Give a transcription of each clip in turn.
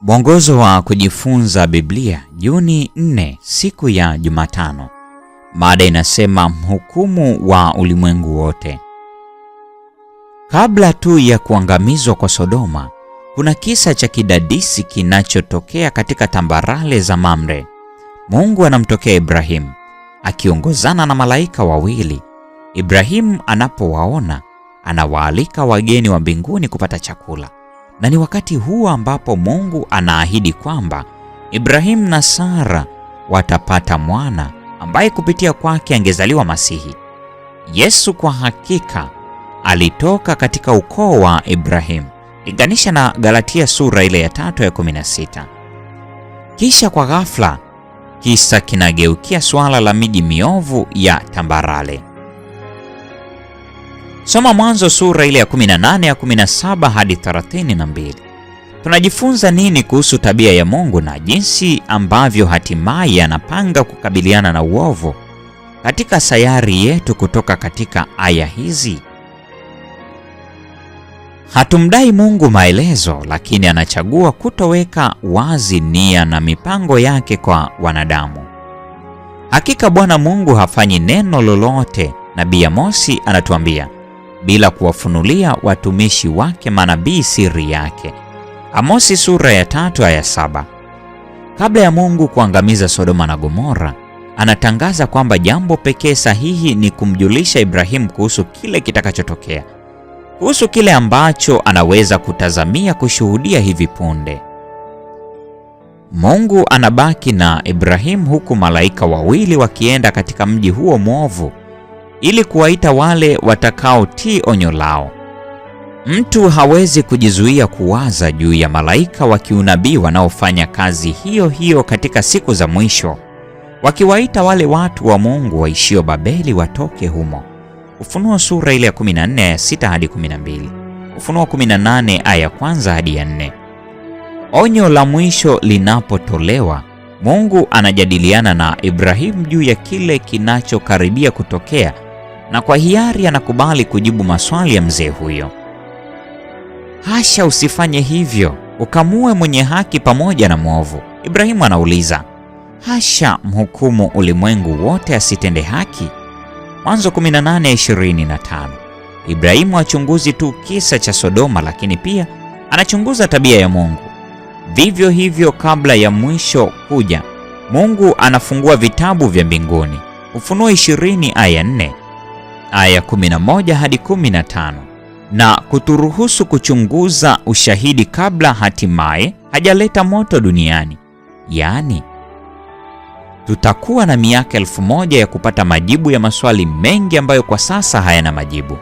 Mwongozo wa kujifunza Biblia, Juni 4, siku ya Jumatano. Mada inasema mhukumu wa ulimwengu wote. Kabla tu ya kuangamizwa kwa Sodoma, kuna kisa cha kidadisi kinachotokea katika tambarale za Mamre. Mungu anamtokea Ibrahimu akiongozana na malaika wawili. Ibrahimu anapowaona, anawaalika wageni wa mbinguni kupata chakula na ni wakati huu ambapo Mungu anaahidi kwamba Ibrahimu na Sara watapata mwana ambaye kupitia kwake angezaliwa Masihi. Yesu kwa hakika alitoka katika ukoo wa Ibrahimu. Linganisha na Galatia sura ile ya tatu ya 16. Kisha kwa ghafla kisa kinageukia suala la miji miovu ya tambarale. Soma Mwanzo sura ile ya 18 ya 17 hadi 32. Tunajifunza nini kuhusu tabia ya Mungu na jinsi ambavyo hatimaye anapanga kukabiliana na uovu katika sayari yetu kutoka katika aya hizi? Hatumdai Mungu maelezo, lakini anachagua kutoweka wazi nia na mipango yake kwa wanadamu. Hakika Bwana Mungu hafanyi neno lolote. Nabii Amosi anatuambia, bila kuwafunulia watumishi wake manabii siri yake. Amosi sura ya tatu aya saba. Kabla ya Mungu kuangamiza Sodoma na Gomora, anatangaza kwamba jambo pekee sahihi ni kumjulisha Ibrahimu kuhusu kile kitakachotokea, kuhusu kile ambacho anaweza kutazamia kushuhudia hivi punde. Mungu anabaki na Ibrahimu huku malaika wawili wakienda katika mji huo mwovu ili kuwaita wale watakaotii onyo lao. Mtu hawezi kujizuia kuwaza juu ya malaika wa kiunabii wanaofanya kazi hiyo hiyo katika siku za mwisho, wakiwaita wale watu wa Mungu waishio Babeli watoke humo. Ufunuo sura ile ya 14 aya 6 hadi 12, Ufunuo 18 aya kwanza hadi ya 4. Onyo la mwisho linapotolewa, Mungu anajadiliana na Ibrahimu juu ya kile kinachokaribia kutokea na kwa hiari anakubali kujibu maswali ya mzee huyo. Hasha, usifanye hivyo, ukamue mwenye haki pamoja na mwovu. Ibrahimu anauliza, hasha, mhukumu ulimwengu wote asitende haki? Mwanzo 18:25. Ibrahimu achunguzi tu kisa cha Sodoma, lakini pia anachunguza tabia ya Mungu. Vivyo hivyo, kabla ya mwisho kuja, Mungu anafungua vitabu vya mbinguni. Ufunuo 20 aya 4 aya 11 hadi 15 na kuturuhusu kuchunguza ushahidi kabla hatimaye hajaleta moto duniani. Yaani, tutakuwa na miaka elfu moja ya kupata majibu ya maswali mengi ambayo kwa sasa hayana majibu.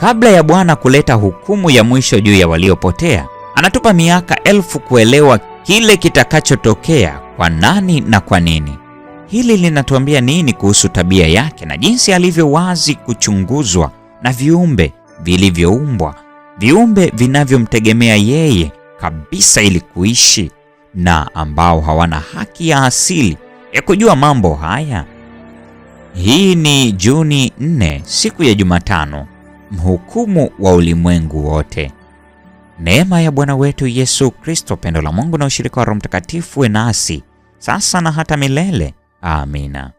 Kabla ya Bwana kuleta hukumu ya mwisho juu ya waliopotea, anatupa miaka elfu kuelewa kile kitakachotokea kwa nani na kwa nini. Hili linatuambia nini kuhusu tabia yake na jinsi alivyo wazi kuchunguzwa na viumbe vilivyoumbwa, viumbe vinavyomtegemea yeye kabisa ili kuishi na ambao hawana haki ya asili ya kujua mambo haya. Hii ni Juni 4, siku ya Jumatano, mhukumu wa ulimwengu wote. Neema ya Bwana wetu Yesu Kristo, pendo la Mungu na ushirika wa Roho Mtakatifu we nasi sasa na hata milele. Amina.